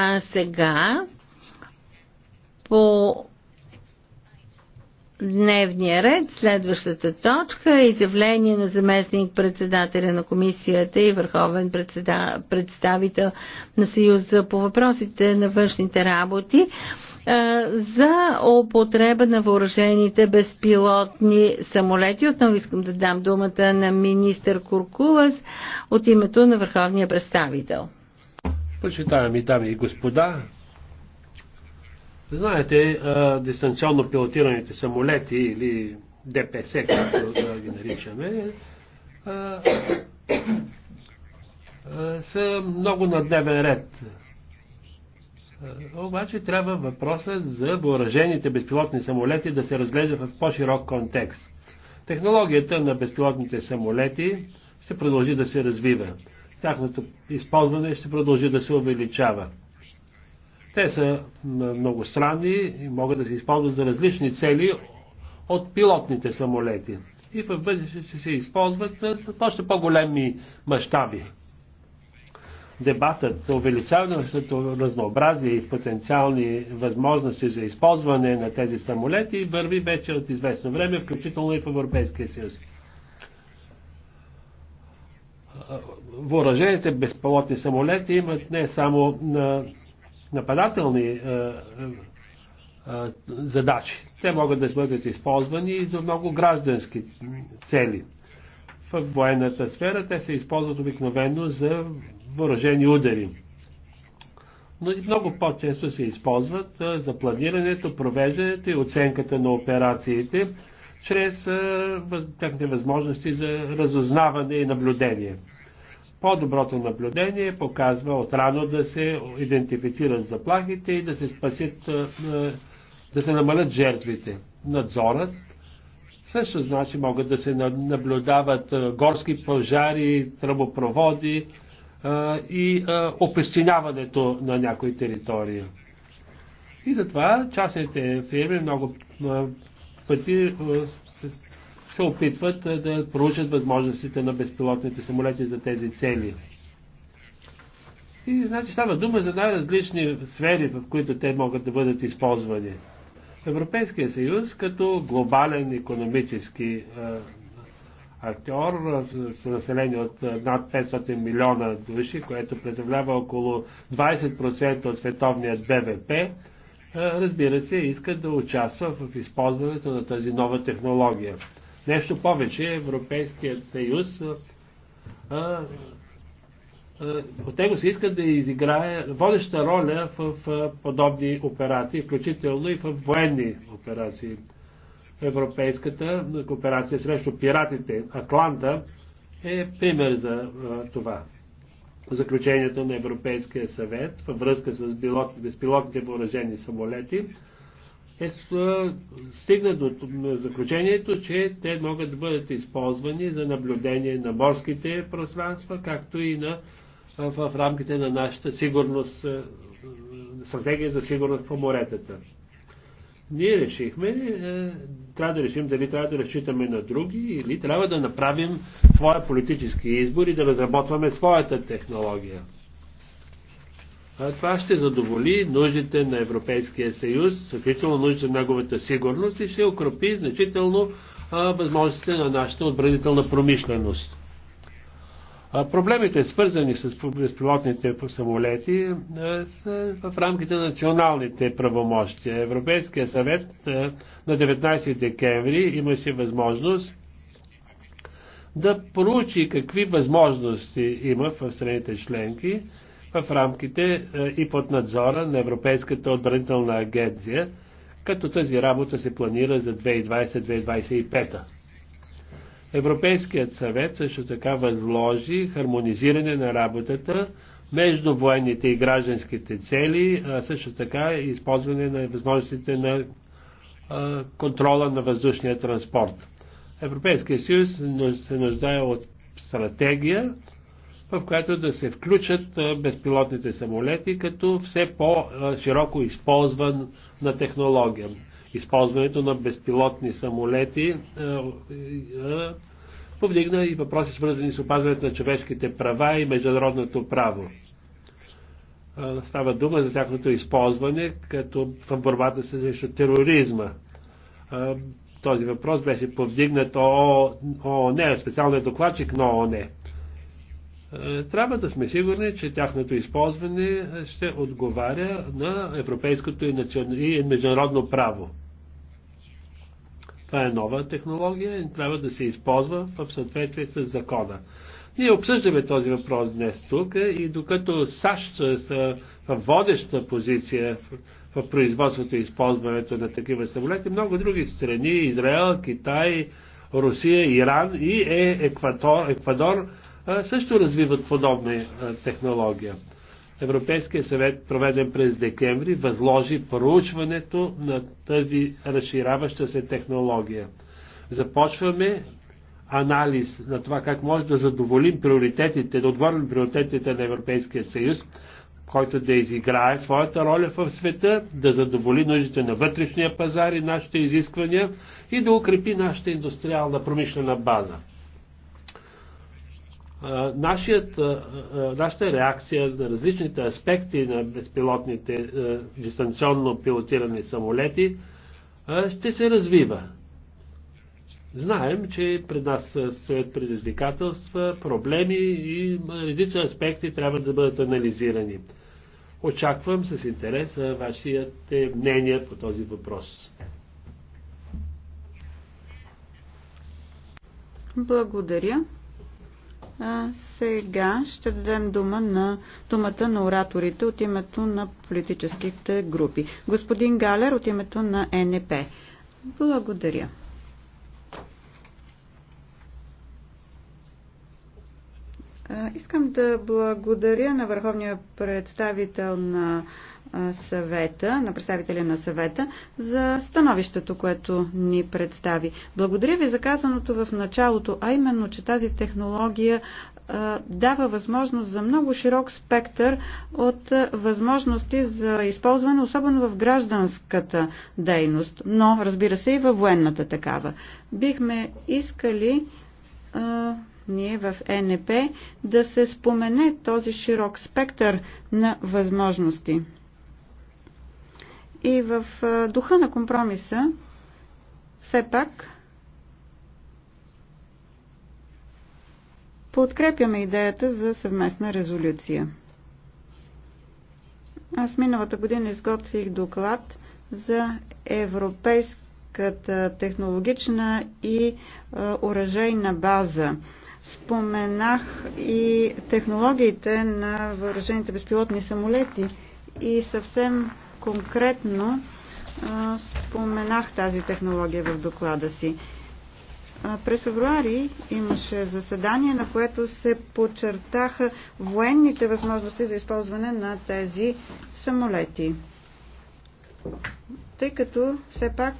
А сега по дневния ред, следващата точка е изявление на заместник председателя на комисията и върховен представител на Съюза по въпросите на външните работи за употреба на въоръжените безпилотни самолети. Отново искам да дам думата на министър Куркулас от името на върховния представител. Почитаваме, дами и господа, знаете, дистанционно пилотираните самолети или ДПС, както да ги наричаме, са много на дневен ред. Обаче трябва въпроса за въоръжените безпилотни самолети да се разглежда в по-широк контекст. Технологията на безпилотните самолети ще продължи да се развива тяхното използване ще продължи да се увеличава. Те са много странни и могат да се използват за различни цели от пилотните самолети. И в бъдеще ще се използват с още по-големи мащаби. Дебатът за увеличаването разнообразие и потенциални възможности за използване на тези самолети върви вече от известно време, включително и в Европейския съюз въоръжените безпилотни самолети имат не само на нападателни задачи. Те могат да бъдат използвани и за много граждански цели. В военната сфера те се използват обикновено за въоръжени удари. Но и много по-често се използват за планирането, провеждането и оценката на операциите, чрез техните възможности за разузнаване и наблюдение. По-доброто наблюдение показва отрано да се идентифицират заплахите и да се спасят, да се намалят жертвите. Надзорът също значи могат да се наблюдават горски пожари, тръбопроводи и опестиняването на някои територии. И затова частните фирми много пъти е, се опитват е, да проучат възможностите на безпилотните самолети за тези цели. И значи става дума за най-различни сфери, в които те могат да бъдат използвани. Европейския съюз като глобален економически е, актьор с население от над 500 милиона души, което представлява около 20% от световният БВП, разбира се, иска да участва в използването на тази нова технология. Нещо повече, Европейският съюз от него се иска да изиграе водеща роля в, подобни операции, включително и в военни операции. Европейската кооперация срещу пиратите Атланта е пример за това заключението на Европейския съвет във връзка с безпилотните въоръжени самолети, е стигна до заключението, че те могат да бъдат използвани за наблюдение на морските пространства, както и на, в рамките на нашата сигурност, стратегия за сигурност по моретата. Ние решихме, трябва да решим дали трябва да разчитаме на други или трябва да направим своя политически избор и да разработваме своята технология. А това ще задоволи нуждите на Европейския съюз, включително нуждите на неговата сигурност и ще укропи значително а, възможностите на нашата отбранителна промишленост. А, проблемите, свързани с безпилотните самолети, а, са в рамките на националните правомощия. Европейския съвет а, на 19 декември имаше възможност да проучи какви възможности има в страните членки в рамките е, и под надзора на Европейската отбранителна агенция, като тази работа се планира за 2020-2025. Европейският съвет също така възложи хармонизиране на работата между военните и гражданските цели, а също така и използване на възможностите на контрола на въздушния транспорт. Европейския съюз се нуждае от стратегия, в която да се включат безпилотните самолети като все по-широко използван на технология. Използването на безпилотни самолети повдигна и въпроси свързани с опазването на човешките права и международното право. Става дума за тяхното използване като в борбата срещу тероризма този въпрос беше повдигнат ООН, е, специалният докладчик на ООН. Е. Е, трябва да сме сигурни, че тяхното използване ще отговаря на европейското и, национ... и международно право. Това е нова технология и трябва да се използва в съответствие с закона. Ние обсъждаме този въпрос днес тук и докато САЩ са в водеща позиция в производството и използването на такива самолети. Много други страни, Израел, Китай, Русия, Иран и е, Еквадор, Еквадор също развиват подобни технология. Европейския съвет, проведен през декември, възложи проучването на тази разширяваща се технология. Започваме анализ на това как може да задоволим приоритетите, да отговорим приоритетите на Европейския съюз който да изиграе своята роля в света, да задоволи нуждите на вътрешния пазар и нашите изисквания и да укрепи нашата индустриална промишлена база. Нашият, нашата реакция на различните аспекти на безпилотните дистанционно пилотирани самолети ще се развива. Знаем, че пред нас стоят предизвикателства, проблеми и редица аспекти трябва да бъдат анализирани. Очаквам с интерес вашите мнения по този въпрос. Благодаря. А сега ще дадем дума на, думата на ораторите от името на политическите групи. Господин Галер от името на НП. Благодаря. Искам да благодаря на върховния представител на съвета, на представителя на съвета, за становището, което ни представи. Благодаря ви за казаното в началото, а именно, че тази технология дава възможност за много широк спектър от възможности за използване, особено в гражданската дейност, но разбира се и във военната такава. Бихме искали ние в ЕНП да се спомене този широк спектър на възможности. И в духа на компромиса, все пак, подкрепяме идеята за съвместна резолюция. Аз миналата година изготвих доклад за европейската технологична и оръжейна база. Споменах и технологиите на въоръжените безпилотни самолети и съвсем конкретно споменах тази технология в доклада си. През февруари имаше заседание, на което се подчертаха военните възможности за използване на тези самолети. Тъй като все пак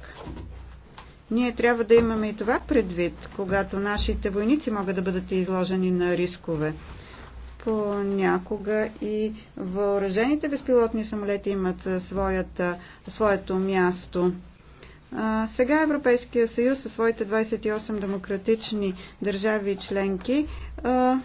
ние трябва да имаме и това предвид, когато нашите войници могат да бъдат изложени на рискове. Понякога и въоръжените безпилотни самолети имат своята, своето място. А, сега Европейския съюз със своите 28 демократични държави и членки а,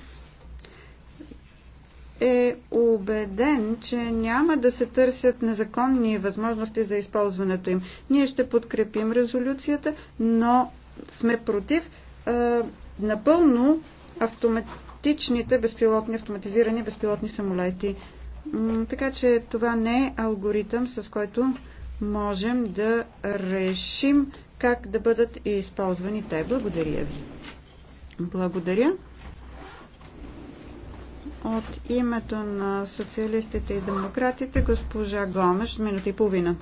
е убеден, че няма да се търсят незаконни възможности за използването им. Ние ще подкрепим резолюцията, но сме против е, напълно автоматичните безпилотни, автоматизирани безпилотни самолети. Така че това не е алгоритъм, с който можем да решим как да бъдат използвани те. Благодаря ви. Благодаря. От името на социалистите и демократите, госпожа Гомеш, минута и половина.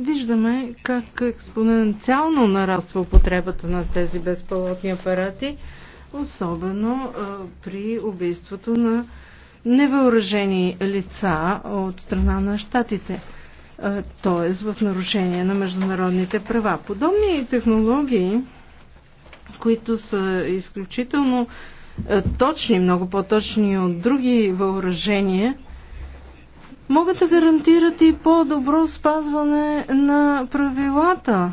Виждаме как експоненциално нараства употребата на тези безпилотни апарати, особено при убийството на невъоръжени лица от страна на щатите т.е. в нарушение на международните права. Подобни технологии, които са изключително е, точни, много по-точни от други въоръжения, могат да гарантират и по-добро спазване на правилата.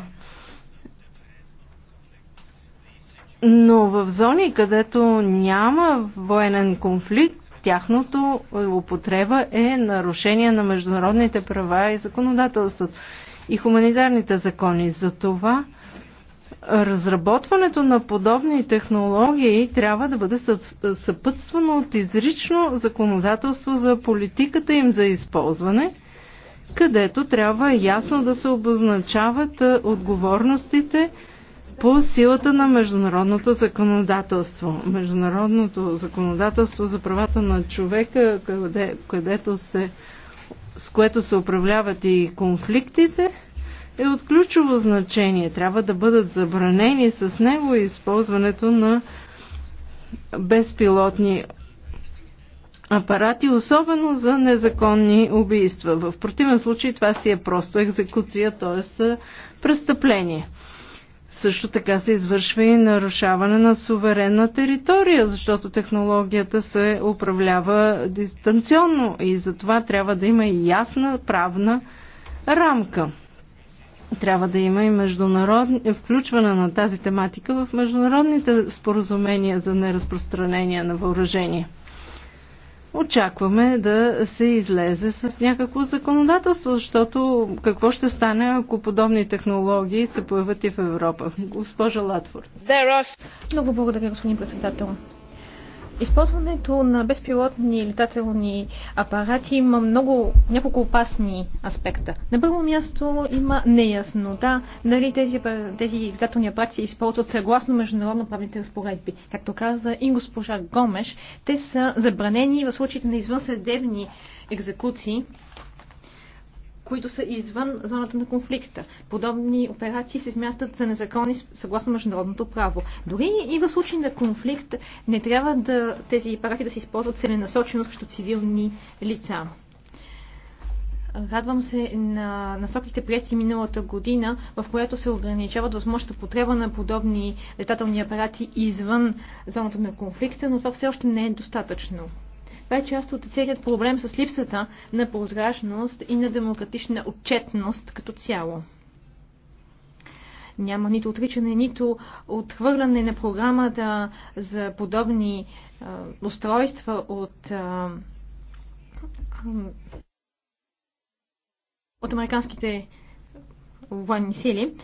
Но в зони, където няма военен конфликт, тяхното употреба е нарушение на международните права и законодателството и хуманитарните закони. За това Разработването на подобни технологии трябва да бъде съпътствано от изрично законодателство за политиката им за използване, където трябва ясно да се обозначават отговорностите по силата на международното законодателство. Международното законодателство за правата на човека, къде, където се, с което се управляват и конфликтите – е от ключово значение. Трябва да бъдат забранени с него използването на безпилотни апарати, особено за незаконни убийства. В противен случай това си е просто екзекуция, т.е. престъпление. Също така се извършва и нарушаване на суверенна територия, защото технологията се управлява дистанционно и затова трябва да има и ясна правна рамка. Трябва да има и международни, включване на тази тематика в международните споразумения за неразпространение на въоръжение. Очакваме да се излезе с някакво законодателство, защото какво ще стане, ако подобни технологии се появят и в Европа? Госпожа Латфорд. Много благодаря, господин председател. Използването на безпилотни летателни апарати има много, няколко опасни аспекта. На първо място има неяснота да, тези, тези летателни апарати се използват съгласно международно правните разпоредби. Както каза и госпожа Гомеш, те са забранени в случаите на извънсъдебни екзекуции които са извън зоната на конфликта. Подобни операции се смятат за незаконни съгласно международното право. Дори и в случай на конфликт не трябва да, тези параки да се използват целенасочено срещу цивилни лица. Радвам се на насоките прияти миналата година, в която се ограничават възможността потреба на подобни летателни апарати извън зоната на конфликта, но това все още не е достатъчно. Това е част от целият проблем с липсата на прозрачност и на демократична отчетност като цяло. Няма нито отричане, нито отхвърляне на програмата за подобни устройства от, от американските военни сили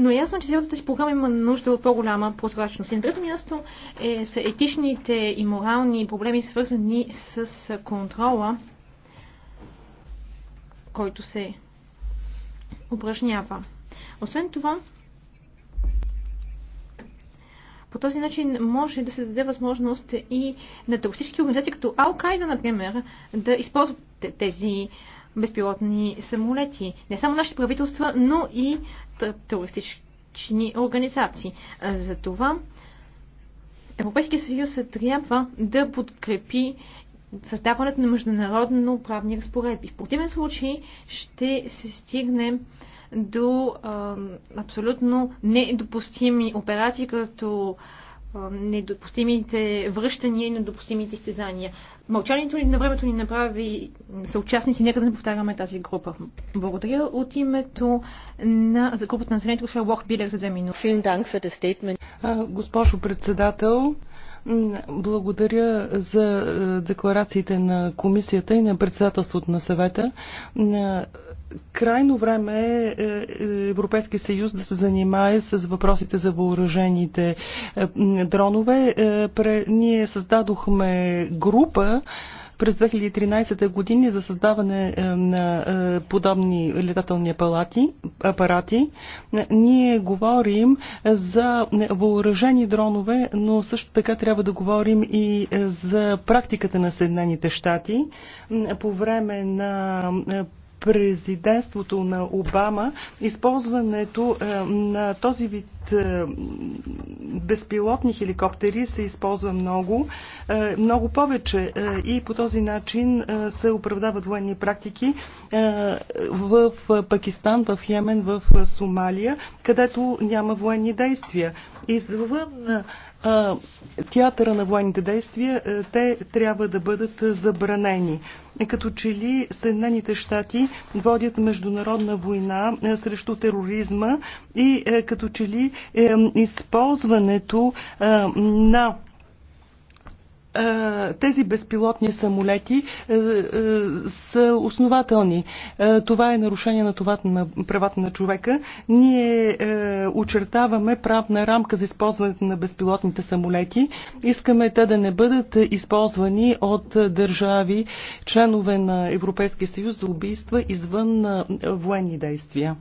но е ясно, че цялата тази програма има нужда от по-голяма прозрачност. И на трето място е, са етичните и морални проблеми, свързани с контрола, който се упражнява. Освен това, по този начин може да се даде възможност и на туристически организации, като Ал-Кайда, например, да използват тези безпилотни самолети. Не само нашите правителства, но и терористични организации. За това Европейския съюз трябва да подкрепи създаването на международно правни разпоредби. В противен случай ще се стигне до а, абсолютно недопустими операции, като недопустимите връщания и недопустимите изтезания. Мълчанието ни на времето ни направи съучастници, нека да не повтаряме тази група. Благодаря от името на, за групата на населението, Лох Билер за две минути. Госпожо председател, благодаря за е, декларациите на комисията и на председателството на съвета. Е, крайно време е, е Европейски съюз да се занимае с въпросите за въоръжените дронове. Ние създадохме група, през 2013 години за създаване е, на е, подобни летателни апарати. апарати. Е, ние говорим за въоръжени дронове, но също така трябва да говорим и за практиката на Съединените щати по време на президентството на Обама, използването е, на този вид е, безпилотни хеликоптери се използва много, е, много повече и по този начин се оправдават военни практики в Пакистан, в Йемен, в Сомалия, където няма военни действия. Извън театъра на военните действия, е, те трябва да бъдат забранени. Като че ли Съединените щати водят международна война е, срещу тероризма и е, като че ли използването на е, тези безпилотни самолети е, е, са основателни. Това е нарушение на, това, на правата на човека. Ние очертаваме правна рамка за използването на безпилотните самолети. Искаме те да не бъдат използвани от държави, членове на Европейския съюз за убийства извън военни действия.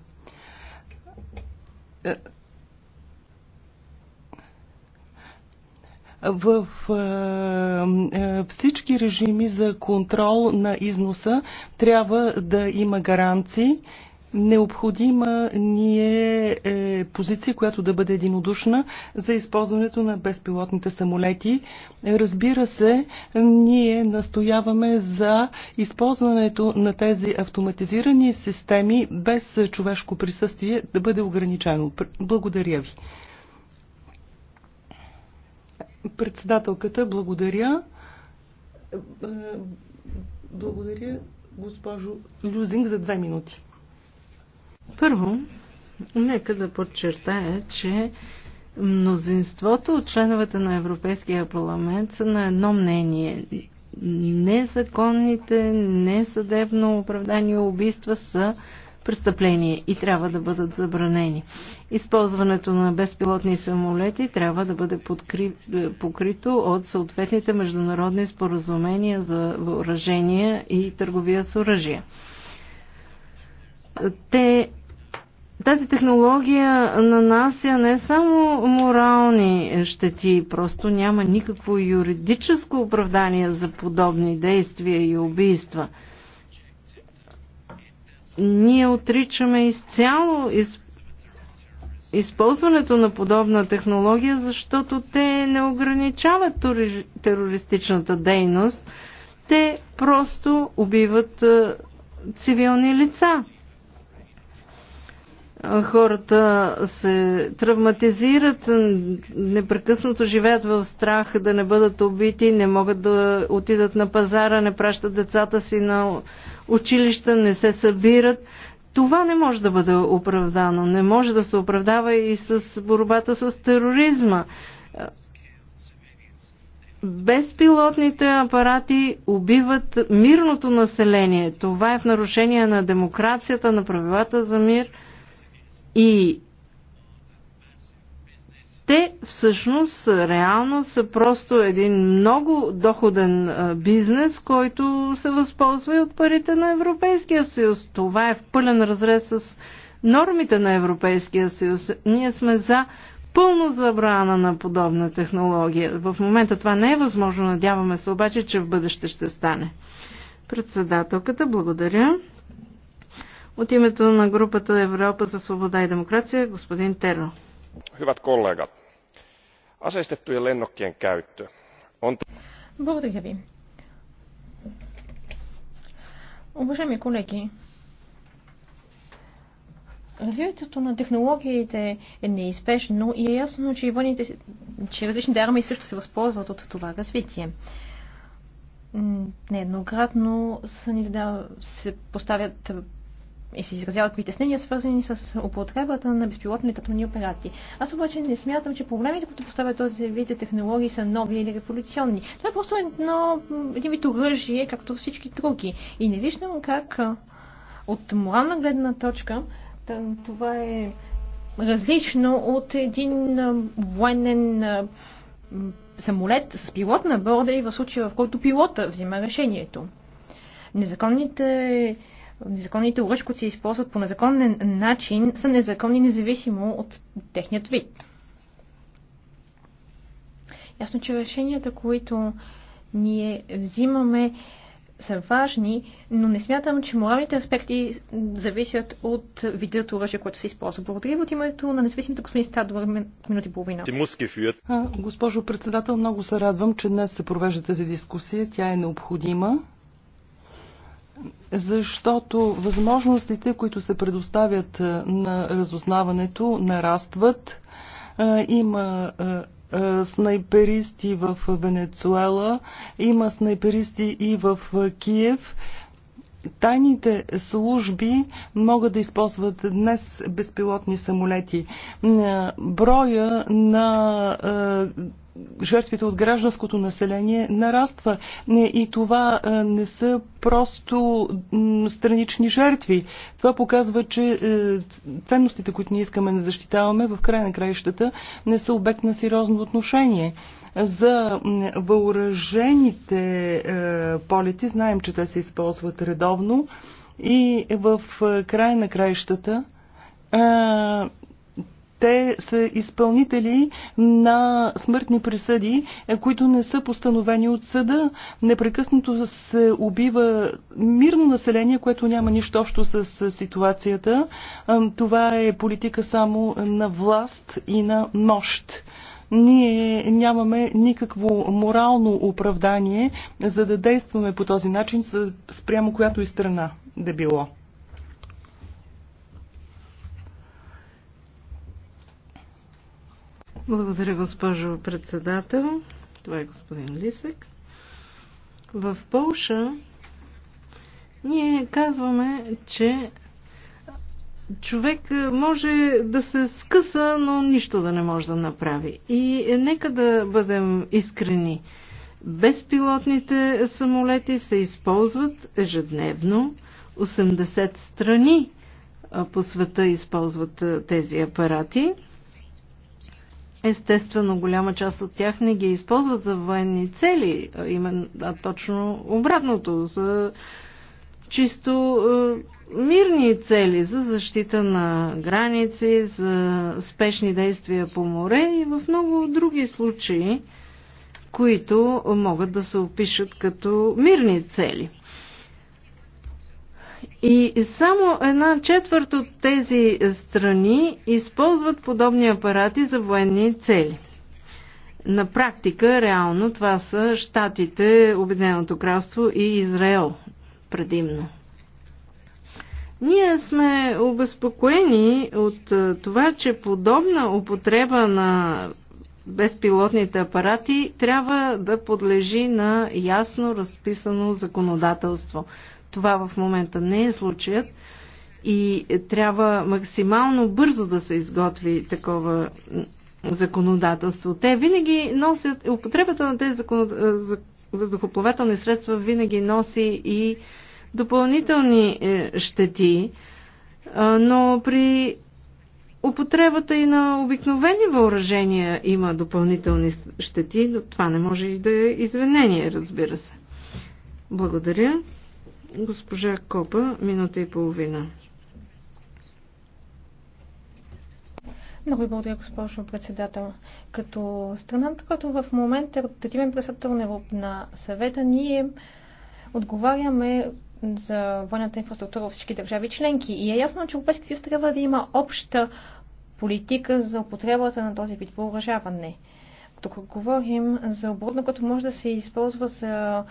в всички режими за контрол на износа трябва да има гаранции. Необходима ни е, е позиция, която да бъде единодушна за използването на безпилотните самолети. Разбира се, ние настояваме за използването на тези автоматизирани системи без човешко присъствие да бъде ограничено. Благодаря ви. Председателката, благодаря. Е, благодаря, госпожо Люзинг, за две минути. Първо, нека да подчертая, че мнозинството от членовете на Европейския парламент са на едно мнение. Незаконните, несъдебно оправдани убийства са престъпление и трябва да бъдат забранени. Използването на безпилотни самолети трябва да бъде подкри... покрито от съответните международни споразумения за въоръжение и търговия с оръжие. Те тази технология нанася не само морални щети, просто няма никакво юридическо оправдание за подобни действия и убийства – ние отричаме изцяло из... използването на подобна технология, защото те не ограничават тури... терористичната дейност, те просто убиват цивилни лица хората се травматизират, непрекъснато живеят в страх да не бъдат убити, не могат да отидат на пазара, не пращат децата си на училища, не се събират. Това не може да бъде оправдано. Не може да се оправдава и с борбата с тероризма. Безпилотните апарати убиват мирното население. Това е в нарушение на демокрацията, на правилата за мир – и те всъщност реално са просто един много доходен бизнес, който се възползва и от парите на Европейския съюз. Това е в пълен разрез с нормите на Европейския съюз. Ние сме за пълно забрана на подобна технология. В момента това не е възможно, надяваме се обаче, че в бъдеще ще стане. Председателката, благодаря. От името на групата Европа за свобода и демокрация, господин Терно. Hyvät kollegat, и lennokkien käyttö on... Благодаря ви. Уважаеми колеги, Развитието на технологиите е неизбежно и е ясно, че, военните, че различните армии също се възползват от това развитие. Нееднократно се поставят и се изразяват притеснения, свързани с употребата на безпилотни летателни апарати. Аз обаче не смятам, че проблемите, които поставят този вид технологии, са нови или революционни. Това е просто едно, един вид оръжие, както всички други. И не виждам как от морална гледна точка това е различно от един военен самолет с пилот на борда и в случая, в който пилота взима решението. Незаконните незаконните оръжия, които се използват по незаконен начин, са незаконни независимо от техният вид. Ясно, че решенията, които ние взимаме, са важни, но не смятам, че моралните аспекти зависят от вида от оръжие, което се използва. Благодаря от името на независимите господин Стадвар, минути и половина. Госпожо председател, много се радвам, че днес се провежда тази дискусия. Тя е необходима защото възможностите, които се предоставят е, на разузнаването, нарастват. Е, има е, снайперисти в Венецуела, има снайперисти и в Киев. Тайните служби могат да използват днес безпилотни самолети. Броя на жертвите от гражданското население нараства. И това не са просто странични жертви. Това показва, че е, ценностите, които ние искаме да защитаваме, в края на краищата не са обект на сериозно отношение. За въоръжените е, полети знаем, че те се използват редовно и в е, края на краищата те са изпълнители на смъртни присъди, е, които не са постановени от съда. Непрекъснато се убива мирно население, което няма нищо общо с ситуацията. Е, това е политика само на власт и на мощ ние нямаме никакво морално оправдание за да действаме по този начин спрямо която и страна да било. Благодаря, госпожо председател. Това е господин Лисек. В Полша ние казваме, че човек може да се скъса, но нищо да не може да направи. И нека да бъдем искрени. Безпилотните самолети се използват ежедневно. 80 страни по света използват тези апарати. Естествено, голяма част от тях не ги използват за военни цели, а, именно, да, точно обратното, за чисто е, мирни цели, за защита на граници, за спешни действия по море и в много други случаи, които могат да се опишат като мирни цели. И само една четвърт от тези страни използват подобни апарати за военни цели. На практика, реално, това са Штатите, Обединеното кралство и Израел предимно. Ние сме обезпокоени от това, че подобна употреба на безпилотните апарати трябва да подлежи на ясно разписано законодателство. Това в момента не е случаят и трябва максимално бързо да се изготви такова законодателство. Те винаги носят, употребата на тези въздухоплавателни средства винаги носи и допълнителни е, щети, но при употребата и на обикновени въоръжения има допълнителни щети, но това не може и да е извинение, разбира се. Благодаря. Госпожа Копа, минута и половина. Много ви благодаря, госпожо председател. Като страната, която в момента е ротативен председател на съвета, ние отговаряме за военната инфраструктура във всички държави членки. И е ясно, че Европейски съюз трябва да има обща политика за употребата на този вид въоръжаване. Тук говорим за оборудване, което може да се използва за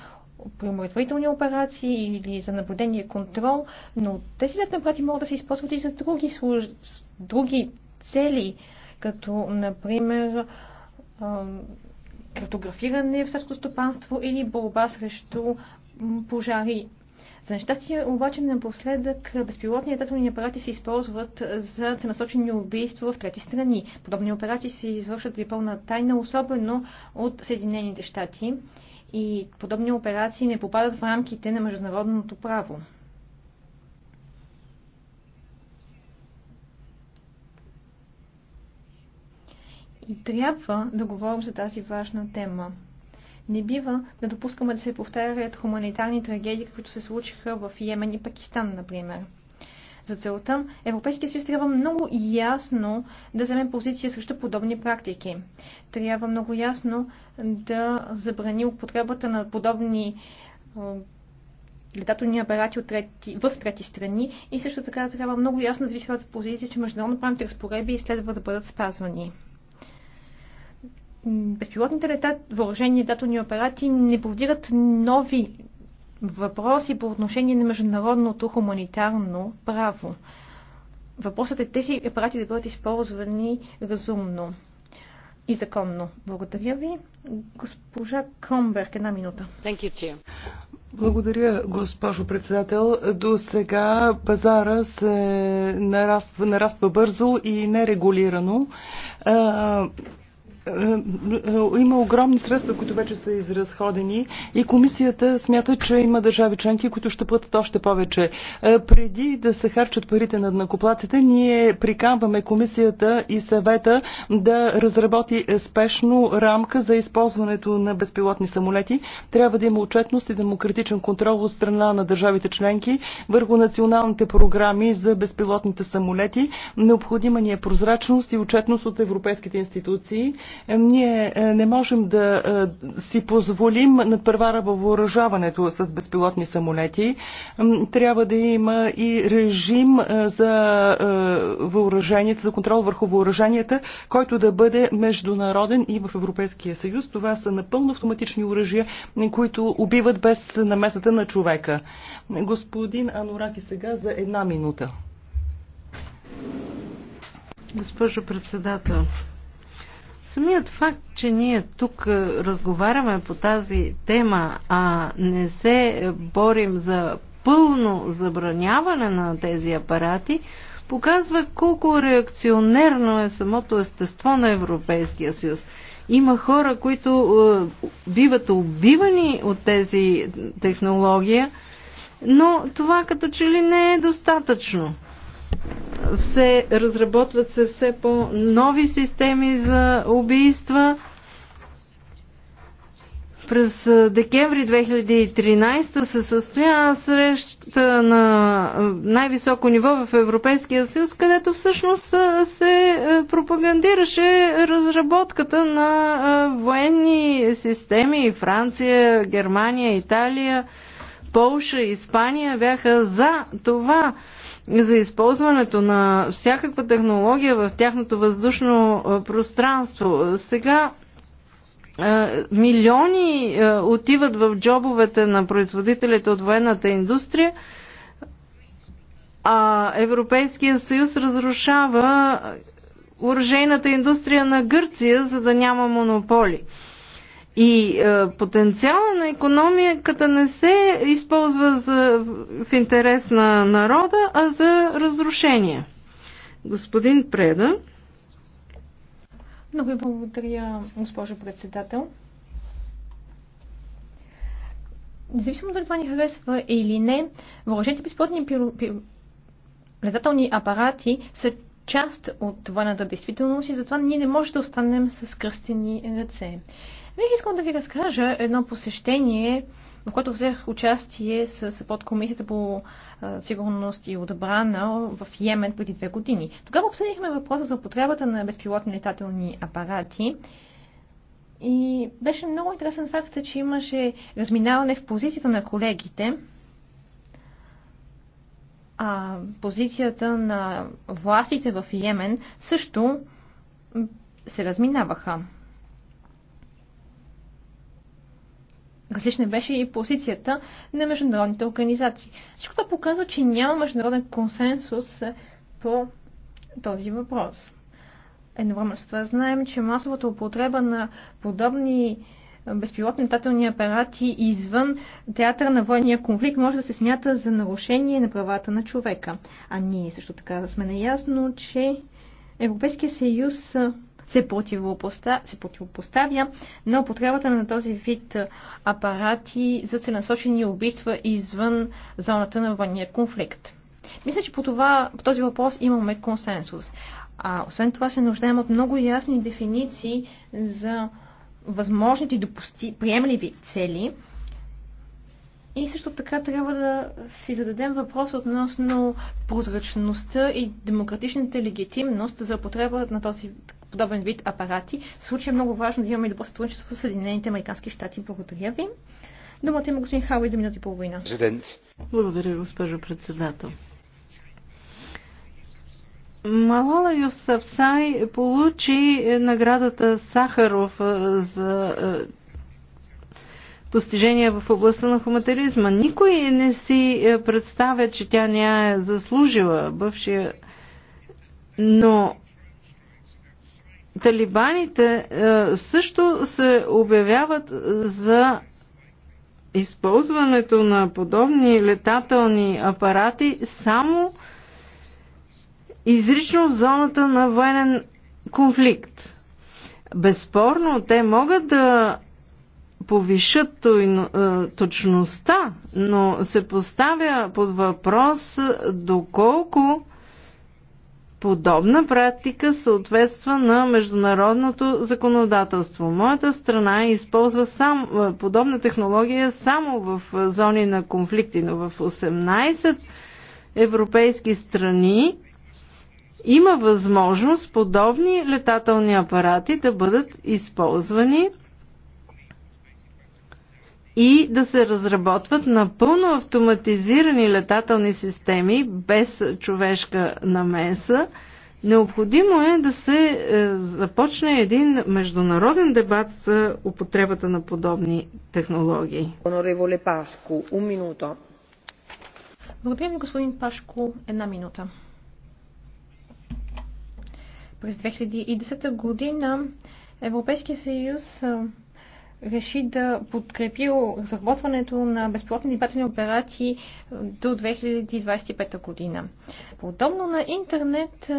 преморитворителни операции или за наблюдение и контрол, но тези летни апарати могат да се използват и за други, служ... други цели, като, например, картографиране в сърско стопанство или борба срещу пожари. За нещастие обаче напоследък безпилотни летателни апарати се използват за целенасочени убийства в трети страни. Подобни операции се извършват при пълна тайна, особено от Съединените щати и подобни операции не попадат в рамките на международното право. И трябва да говорим за тази важна тема. Не бива да допускаме да се повтарят хуманитарни трагедии, които се случиха в Йемен и Пакистан, например. За целта Европейския съюз трябва много ясно да вземе позиция срещу подобни практики. Трябва много ясно да забрани употребата на подобни летателни апарати от трети, в трети страни и също така трябва много ясно да от позиция, че международно правните разпореби следва да бъдат спазвани. Безпилотните летат, въоръжени летателни апарати не повдигат нови въпроси по отношение на международното хуманитарно право. Въпросът е тези апарати да бъдат използвани разумно и законно. Благодаря ви. Госпожа Кромберг, една минута. Благодаря, госпожо председател. До сега пазара се нараства, нараства бързо и нерегулирано. Е, е, е, има огромни средства, които вече са изразходени и комисията смята, че има държави членки, които ще платят още повече. Преди да се харчат парите на накоплаците, ние приканваме комисията и съвета да разработи спешно рамка за използването на безпилотни самолети. Трябва да има отчетност и демократичен контрол от страна на държавите членки върху националните програми за безпилотните самолети. Необходима ни е прозрачност и отчетност от европейските институции. Ние е, не можем да е, си позволим надпревара във въоръжаването с безпилотни самолети. Трябва да има и режим е, за въоръжението, за контрол върху въоръженията, който да бъде международен и в Европейския съюз. Това са напълно автоматични оръжия, които убиват без намесата на човека. Господин Анораки сега за една минута. Госпожо председател, Самият факт, че ние тук е, разговаряме по тази тема, а не се борим за пълно забраняване на тези апарати, показва колко реакционерно е самото естество на Европейския съюз. Има хора, които е, биват убивани от тези технология, но това като че ли не е достатъчно все разработват се все по-нови системи за убийства. През декември 2013 се състоя среща на най-високо ниво в Европейския съюз, където всъщност се пропагандираше разработката на военни системи. Франция, Германия, Италия, Полша, Испания бяха за това за използването на всякаква технология в тяхното въздушно пространство. Сега милиони отиват в джобовете на производителите от военната индустрия, а Европейския съюз разрушава оръжейната индустрия на Гърция, за да няма монополи. И е, потенциала на економиката не се използва за, в интерес на народа, а за разрушение. Господин Преда. Много ви благодаря, госпожо председател. Независимо дали това ни харесва или не, въоръжените безплатни пиро... пиро... летателни апарати са част от военната действителност и затова ние не можем да останем с кръстени ръце. Бих искал да ви разкажа едно посещение, в което взех участие с подкомисията по сигурност и отбрана в Йемен преди две години. Тогава обсъдихме въпроса за употребата на безпилотни летателни апарати. И беше много интересен факт, че имаше разминаване в позицията на колегите, а, позицията на властите в Йемен също се разминаваха. Различна беше и позицията на международните организации. Всичко това показва, че няма международен консенсус по този въпрос. Едновременно с това знаем, че масовата употреба на подобни безпилотни летателни апарати извън театъра на военния конфликт може да се смята за нарушение на правата на човека. А ние също така сме наясно, че Европейския съюз се, противопоставя, се противопоставя на употребата на този вид апарати за целенасочени убийства извън зоната на военния конфликт. Мисля, че по, това, по този въпрос имаме консенсус. А освен това се нуждаем от много ясни дефиниции за възможните и допусти, приемливи цели. И също така трябва да си зададем въпрос относно прозрачността и демократичната легитимност за употреба на този подобен вид апарати. В случай е много важно да имаме добро сътрудничество с Съединените Американски щати. Благодаря ви. Думата има господин Хауи за минути и половина. Благодаря, госпожо председател. Малала Юсафсай получи наградата Сахаров за постижения в областта на хуматеризма. Никой не си представя, че тя не е заслужила бъвшия. но талибаните също се обявяват за използването на подобни летателни апарати само изрично в зоната на военен конфликт. Безспорно, те могат да повишат е, точността, но се поставя под въпрос е, доколко подобна практика съответства на международното законодателство. Моята страна използва сам, е, подобна технология само в зони на конфликти, но в 18 европейски страни има възможност подобни летателни апарати да бъдат използвани и да се разработват напълно автоматизирани летателни системи без човешка намеса. Необходимо е да се е, започне един международен дебат за употребата на подобни технологии. Благодаря ви, господин Пашко. Една минута. През 2010 година Европейския съюз реши да подкрепи разработването на безплатни дебатни операти до 2025 година. Подобно на интернет,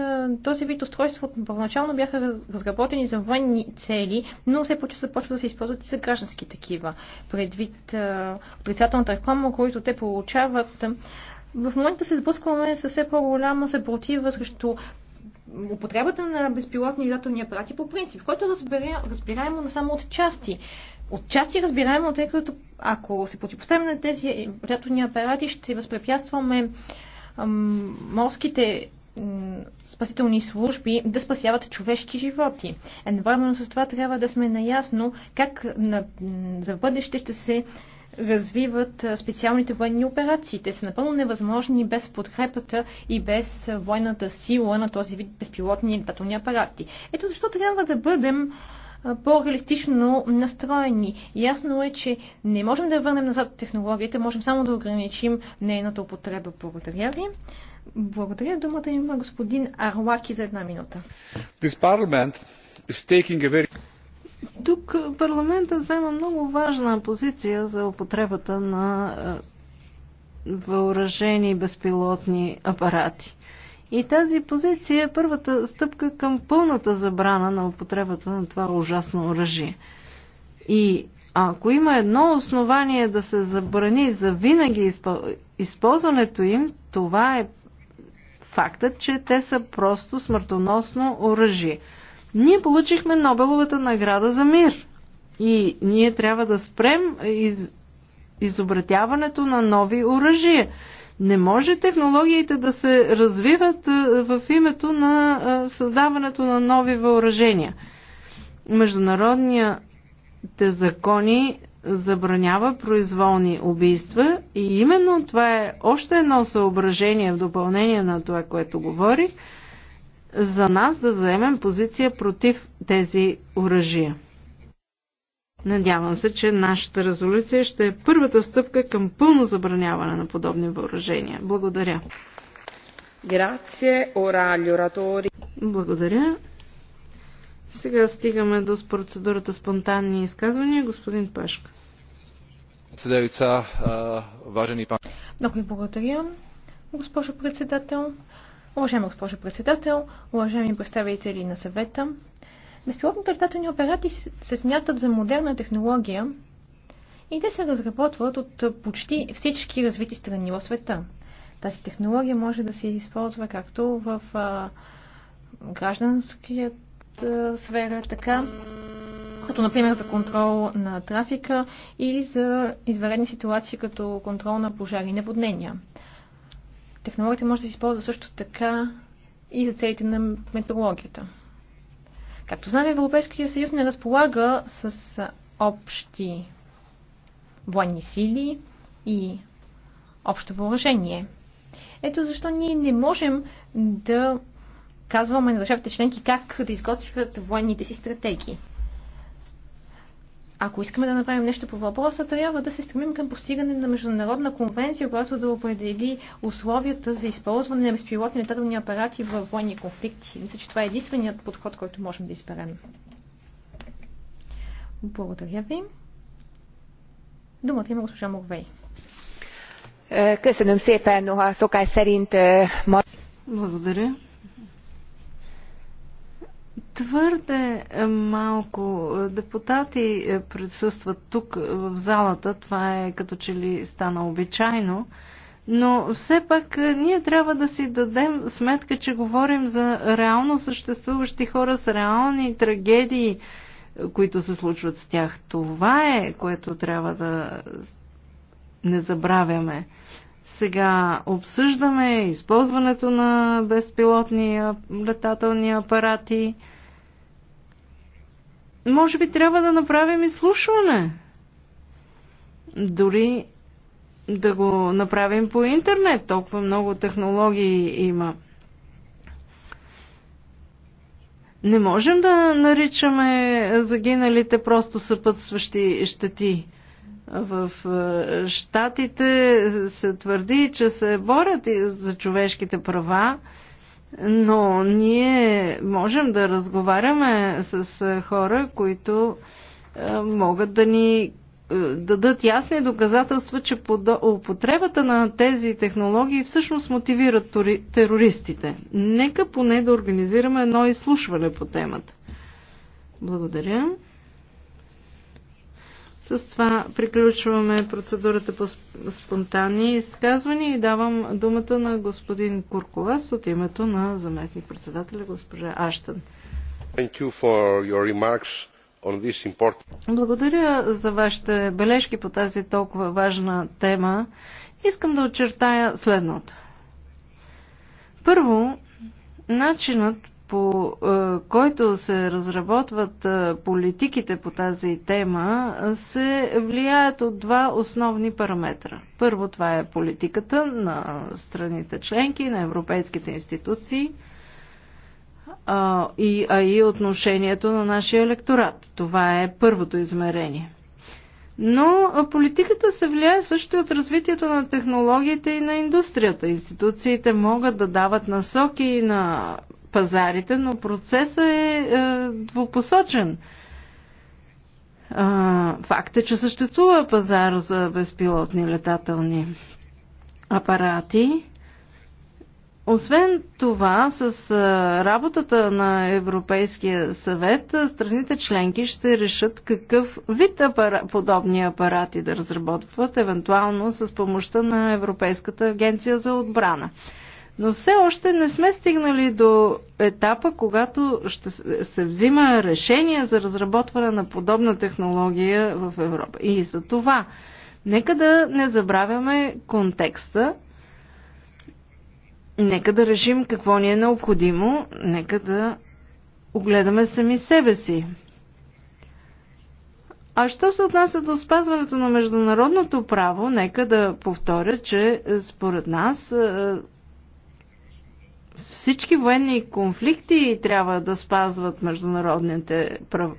този вид устройства първоначално бяха разработени за военни цели, но все по-често започва да се използват и за граждански такива. Предвид отрицателната реклама, която те получават, в момента се сблъскваме с все по-голяма съпротива срещу употребата на безпилотни летателни апарати по принцип, който е разбира, разбираемо но само от части. От части е разбираемо, тъй като ако се противопоставим на тези летателни апарати, ще възпрепятстваме морските спасителни служби да спасяват човешки животи. Едновременно с това трябва да сме наясно как на, за бъдеще ще се развиват специалните военни операции. Те са напълно невъзможни без подкрепата и без военната сила на този вид безпилотни летателни апарати. Ето защо трябва да бъдем по-реалистично настроени. Ясно е, че не можем да върнем назад технологията, можем само да ограничим нейната употреба. Благодаря ви. Благодаря. Думата има господин Арлаки за една минута. This parliament is taking a very... Тук парламента взема много важна позиция за употребата на е, въоръжени безпилотни апарати. И тази позиция е първата стъпка към пълната забрана на употребата на това ужасно оръжие. И ако има едно основание да се забрани за винаги използването им, това е фактът, че те са просто смъртоносно оръжие – ние получихме Нобеловата награда за мир. И ние трябва да спрем из... изобретяването на нови оръжия. Не може технологиите да се развиват в името на създаването на нови въоръжения. Международните закони забранява произволни убийства и именно това е още едно съображение в допълнение на това, което говорих – за нас да заемем позиция против тези оръжия. Надявам се, че нашата резолюция ще е първата стъпка към пълно забраняване на подобни въоръжения. Благодаря. Благодаря. Сега стигаме до процедурата спонтанни изказвания. Господин Пашка. Много ви благодаря, госпожо председател. Уважаема госпожа председател, уважаеми представители на съвета, безпилотните летателни операти се смятат за модерна технология и те се разработват от почти всички развити страни в света. Тази технология може да се използва както в а, гражданският а, сфера, така като например за контрол на трафика или за изваредни ситуации като контрол на пожари и наводнения. Технологията може да се използва също така и за целите на метеорологията. Както знаем, Европейския съюз не разполага с общи военни сили и общо въоръжение. Ето защо ние не можем да казваме на държавите членки как да изготвят военните си стратегии. Ако искаме да направим нещо по въпроса, трябва да се стремим към постигане на международна конвенция, която да определи условията за използване на безпилотни летателни апарати в военни конфликти. Мисля, че това е единственият подход, който можем да изберем. Благодаря ви. Думата има госпожа Морвей. Е, е, Благодаря. Твърде е, малко е, депутати е, присъстват тук в залата. Това е като че ли стана обичайно. Но все пак ние трябва да си дадем сметка, че говорим за реално съществуващи хора с реални трагедии, които се случват с тях. Това е, което трябва да не забравяме. Сега обсъждаме използването на безпилотни летателни апарати може би трябва да направим изслушване. Дори да го направим по интернет. Толкова много технологии има. Не можем да наричаме загиналите просто съпътстващи щети. В е, щатите се твърди, че се борят за човешките права но ние можем да разговаряме с е, хора, които е, могат да ни е, дадат ясни доказателства, че употребата на тези технологии всъщност мотивират терористите. Нека поне да организираме едно изслушване по темата. Благодаря. С това приключваме процедурата по спонтанни изказвания и давам думата на господин Курковас от името на заместник председателя госпожа Аштън. Благодаря за вашите бележки по тази толкова важна тема. Искам да очертая следното. Първо, начинът по е, който се разработват е, политиките по тази тема, се влияят от два основни параметра. Първо това е политиката на страните членки, на европейските институции, а и отношението на нашия електорат. Това е първото измерение. Но политиката се влияе също и от развитието на технологиите и на индустрията. Институциите могат да дават насоки на пазарите, но процесът е, е двупосочен. А, факт е, че съществува пазар за безпилотни летателни апарати. Освен това, с работата на Европейския съвет, страните членки ще решат какъв вид апара... подобни апарати да разработват, евентуално с помощта на Европейската агенция за отбрана. Но все още не сме стигнали до етапа, когато ще се взима решение за разработване на подобна технология в Европа. И за това, нека да не забравяме контекста, нека да решим какво ни е необходимо, нека да огледаме сами себе си. А що се отнася до спазването на международното право, нека да повторя, че е, според нас е, всички военни конфликти трябва да спазват международните прав...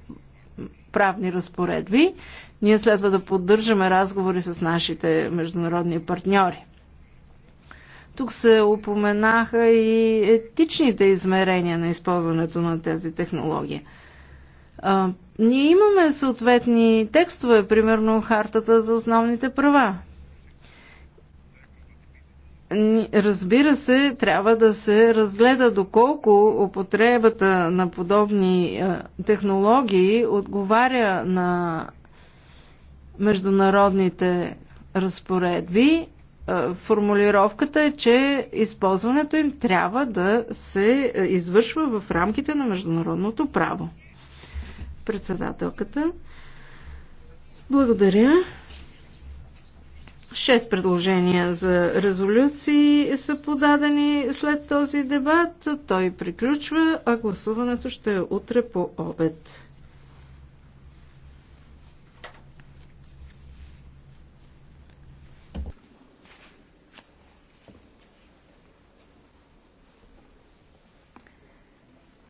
правни разпоредби. Ние следва да поддържаме разговори с нашите международни партньори. Тук се упоменаха и етичните измерения на използването на тези технологии. А, ние имаме съответни текстове, примерно Хартата за основните права. Разбира се, трябва да се разгледа доколко употребата на подобни е, технологии отговаря на международните разпоредби. Е, формулировката е, че използването им трябва да се е, извършва в рамките на международното право. Председателката. Благодаря. Шест предложения за резолюции са подадени след този дебат. Той приключва, а гласуването ще е утре по обед.